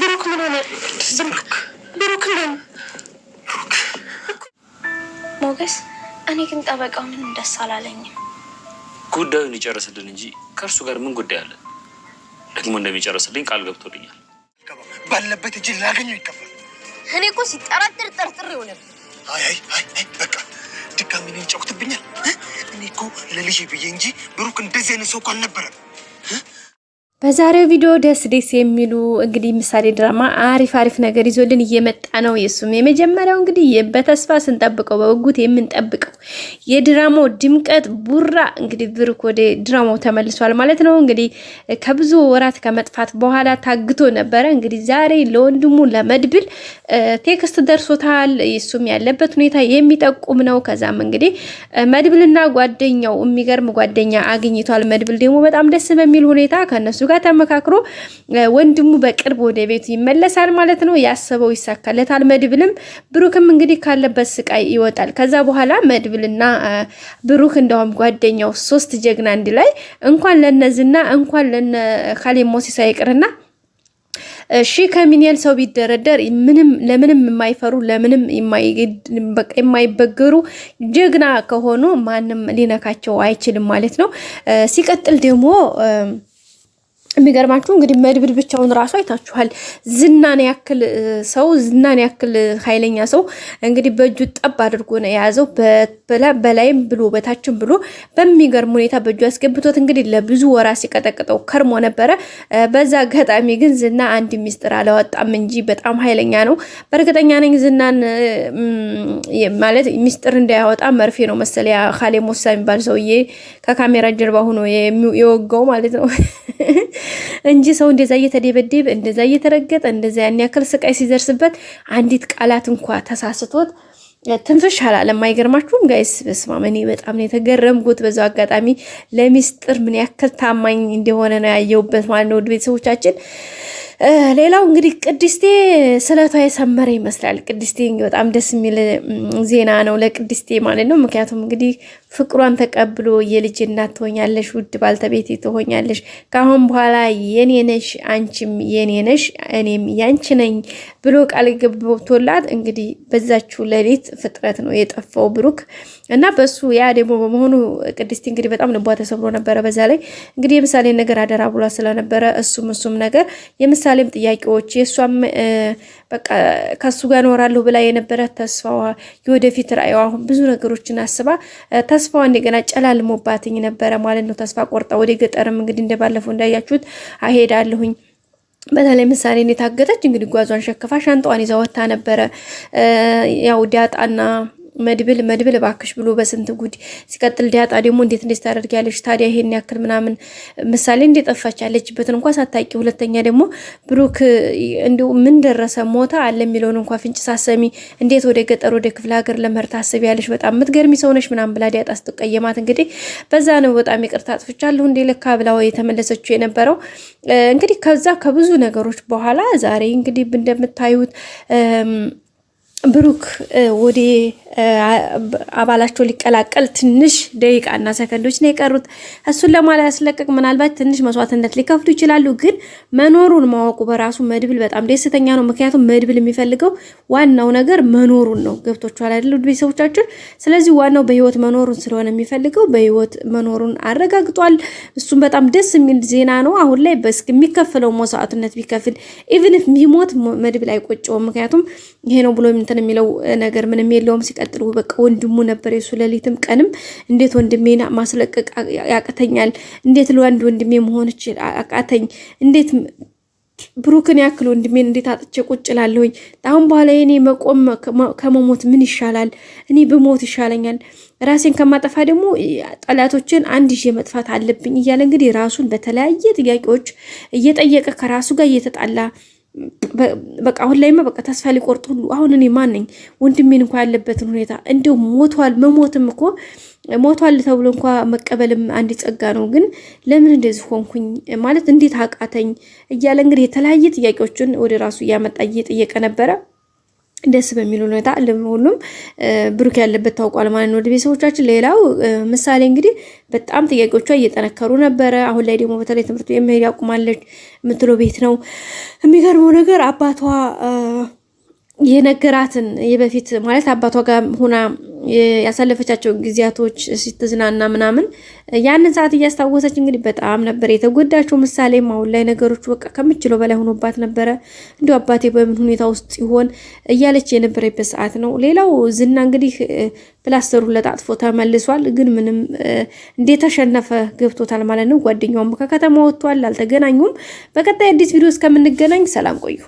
ብሩክ ምን ሆነ? ዝምክ ብሩክ ምን ሞገስ፣ እኔ ግን ጠበቃው ምንም ደስ አላለኝም። ጉዳዩን ይጨርስልን እንጂ ከእርሱ ጋር ምን ጉዳይ አለን? ደግሞ እንደሚጨርስልኝ ቃል ገብቶልኛል። ባለበት እጅ ላገኘው ይከፋል። እኔ እኮ ሲጠራጥር ጠርጥር ይሆናል። አይ አይ አይ በቃ ድጋሚ ነው ይጫውትብኛል። እኔ እኮ ለልጄ ብዬ እንጂ ብሩክ እንደዚህ አይነት ሰው እኮ አልነበረም። በዛሬው ቪዲዮ ደስ ደስ የሚሉ እንግዲህ ምሳሌ ድራማ አሪፍ አሪፍ ነገር ይዞልን እየመጣ ነው። የሱም የመጀመሪያው እንግዲህ በተስፋ ስንጠብቀው በጉጉት የምንጠብቀው የድራማው ድምቀት ቡራ እንግዲህ ብሩክ ወደ ድራማው ተመልሷል ማለት ነው። እንግዲህ ከብዙ ወራት ከመጥፋት በኋላ ታግቶ ነበረ። እንግዲህ ዛሬ ለወንድሙ ለመድብል ቴክስት ደርሶታል። የሱም ያለበት ሁኔታ የሚጠቁም ነው። ከዛም እንግዲህ መድብልና ጓደኛው የሚገርም ጓደኛ አግኝቷል። መድብል ደግሞ በጣም ደስ በሚል ሁኔታ ከነሱ ጋር ተመካክሮ ወንድሙ በቅርብ ወደ ቤቱ ይመለሳል ማለት ነው። ያሰበው ይሳካለታል። መድብልም ብሩክም እንግዲህ ካለበት ስቃይ ይወጣል። ከዛ በኋላ መድብልና ብሩክ እንደውም ጓደኛው ሶስት ጀግና አንድ ላይ እንኳን ለነዝና እንኳን ለነ ካሌብ ሞሲሳ ይቅርና ሺ ከሚኒየል ሰው ቢደረደር ምንም ለምንም የማይፈሩ ለምንም የማይበገሩ ጀግና ከሆኑ ማንም ሊነካቸው አይችልም ማለት ነው። ሲቀጥል ደግሞ የሚገርማችሁ እንግዲህ መድብል ብቻውን ራሱ አይታችኋል። ዝናን ያክል ሰው ዝናን ያክል ኃይለኛ ሰው እንግዲህ በእጁ ጠብ አድርጎ ነው የያዘው። በላይም ብሎ በታችም ብሎ በሚገርም ሁኔታ በእጁ ያስገብቶት እንግዲህ ለብዙ ወራ ሲቀጠቅጠው ከርሞ ነበረ። በዛ አጋጣሚ ግን ዝና አንድ ሚስጥር አላወጣም እንጂ በጣም ኃይለኛ ነው። በእርግጠኛ ነኝ ዝናን ማለት ሚስጥር እንዳያወጣ መርፌ ነው መሰለ ካሌ ሞሳ የሚባል ሰውዬ ከካሜራ ጀርባ ሆኖ የወጋው ማለት ነው። እንጂ ሰው እንደዛ እየተደበደበ እንደዛ እየተረገጠ እንደዛ ያን ያክል ስቃይ ሲደርስበት አንዲት ቃላት እንኳ ተሳስቶት ትንፍሽ አላለም። አይገርማችሁም ጋይስ? በስመ አብ እኔ በጣም ነው የተገረምኩት። በዛው አጋጣሚ ለሚስጥር ምን ያክል ታማኝ እንደሆነ ነው ያየሁበት ማለት ነው ውድ ቤተሰቦቻችን ሌላው እንግዲህ ቅድስቴ ስለቷ የሰመረ ይመስላል። ቅድስቴ በጣም ደስ የሚል ዜና ነው ለቅድስቴ ማለት ነው። ምክንያቱም እንግዲህ ፍቅሯን ተቀብሎ የልጅ እናት ትሆኛለሽ፣ ውድ ባልተቤቴ ትሆኛለሽ፣ ከአሁን በኋላ የኔነሽ፣ አንቺም የኔነሽ፣ እኔም ያንቺ ነኝ ብሎ ቃል ገብቶላት እንግዲህ በዛችው ሌሊት ፍጥረት ነው የጠፋው ብሩክ እና በሱ ያ ደግሞ በመሆኑ ቅድስቴ እንግዲህ በጣም ልቧ ተሰብሮ ነበረ። በዛ ላይ እንግዲህ የምሳሌ ነገር አደራ ብሏ ስለነበረ እሱም እሱም ነገር የምሳሌ የምሳሌም ጥያቄዎች የእሷም በቃ ከሱ ጋር እኖራለሁ ብላ የነበረት ተስፋዋ የወደፊት ራእዩ አሁን ብዙ ነገሮችን አስባ ተስፋዋ እንደገና ጨላልሞባትኝ ነበረ ማለት ነው። ተስፋ ቆርጣ ወደ ገጠርም እንግዲህ እንደባለፈው እንዳያችሁት አሄዳለሁኝ። በተለይ ምሳሌ እኔ ታገጠች እንግዲህ ጓዟን ሸክፋ ሻንጣዋን ይዛ ወታ ነበረ ያው ዳጣና መድብል መድብል እባክሽ ብሎ በስንት ጉድ ሲቀጥል፣ ዲያጣ ደግሞ እንዴት እንዴት ታደርጊያለሽ ታዲያ ይሄን ያክል ምናምን ምሳሌ እንዴት ጠፋች ያለችበትን እንኳ ሳታቂ፣ ሁለተኛ ደግሞ ብሩክ እንዲሁ ምን ደረሰ ሞታ አለ የሚለውን እንኳ ፍንጭ ሳሰሚ እንዴት ወደ ገጠር ወደ ክፍለ ሀገር ታስብ ታስቢያለሽ? በጣም የምትገርሚ ሰውነች ምናምን ብላ ዲያጣ ስትቀየማት፣ እንግዲህ በዛ ነው በጣም ይቅርታ አጥፍቻለሁ እንዴ ለካ ብላ የተመለሰችው የነበረው እንግዲህ ከዛ ከብዙ ነገሮች በኋላ ዛሬ እንግዲህ እንደምታዩት ብሩክ ወደ አባላቸው ሊቀላቀል ትንሽ ደቂቃና ሰከንዶች ነው የቀሩት። እሱን ለማላያስለቀቅ ምናልባት ትንሽ መስዋዕትነት ሊከፍሉ ይችላሉ፣ ግን መኖሩን ማወቁ በራሱ መድብል በጣም ደስተኛ ነው። ምክንያቱም መድብል የሚፈልገው ዋናው ነገር መኖሩን ነው። ገብቷችኋል አይደል? ውድ ቤተሰቦቻችን። ስለዚህ ዋናው በህይወት መኖሩን ስለሆነ የሚፈልገው በህይወት መኖሩን አረጋግጧል። እሱም በጣም ደስ የሚል ዜና ነው። አሁን ላይ በስክ የሚከፍለው መስዋዕትነት ቢከፍል ኢቭን ቢሞት መድብል አይቆጨውም። ምክንያቱም ይሄ ነው ብሎ እንትን የሚለው ነገር ምንም የለውም። ሲቀጥሉ በቃ ወንድሙ ነበር የሱ ሌሊትም ቀንም እንዴት ወንድሜን ማስለቀቅ ያቅተኛል? እንዴት ለአንድ ወንድሜ መሆን አቃተኝ? እንዴት ብሩክን ያክል ወንድሜን እንዴት አጥቼ ቁጭ ላለሁኝ? አሁን በኋላ እኔ መቆም ከመሞት ምን ይሻላል? እኔ ብሞት ይሻለኛል። ራሴን ከማጠፋ ደግሞ ጠላቶችን አንድ ይዤ መጥፋት አለብኝ እያለ እንግዲህ ራሱን በተለያየ ጥያቄዎች እየጠየቀ ከራሱ ጋር እየተጣላ በቃ አሁን ላይማ በቃ ተስፋ ሊቆርጥ ሁሉ አሁን እኔ ነኝ? ወንድሜን እንኳ ያለበትን ሁኔታ እንዲሁ ሞቷል። መሞትም እኮ ሞቷል ተብሎ እንኳ መቀበልም አንድ ጸጋ ነው። ግን ለምን እንደዚህ ሆንኩኝ ማለት እንዴት አቃተኝ እያለ እንግዲህ የተለያየ ጥያቄዎችን ወደ ራሱ እያመጣ እየጠየቀ ነበረ። ደስ በሚል ሁኔታ ሁሉም ብሩክ ያለበት ታውቋል ማለት ነው። ወደ ቤተሰቦቻችን ሌላው ምሳሌ እንግዲህ በጣም ጥያቄዎቿ እየጠነከሩ ነበረ። አሁን ላይ ደግሞ በተለይ ትምህርቱ የመሄድ ያቁማለች የምትለው ቤት ነው። የሚገርመው ነገር አባቷ የነገራትን የበፊት ማለት አባቷ ጋር ሆና ያሳለፈቻቸው ጊዜያቶች ስትዝናና ምናምን ያንን ሰዓት እያስታወሰች እንግዲህ በጣም ነበር የተጎዳቸው። ምሳሌም አሁን ላይ ነገሮች በቃ ከምችለው በላይ ሆኖባት ነበረ። እንዲሁ አባቴ በምን ሁኔታ ውስጥ ይሆን እያለች የነበረበት ሰዓት ነው። ሌላው ዝና እንግዲህ ፕላስተሩ ለጣጥፎ ተመልሷል። ግን ምንም እንደተሸነፈ ገብቶታል ማለት ነው። ጓደኛውም ከከተማ ወጥቷል፣ አልተገናኙም። በቀጣይ አዲስ ቪዲዮ እስከምንገናኝ ሰላም ቆዩ።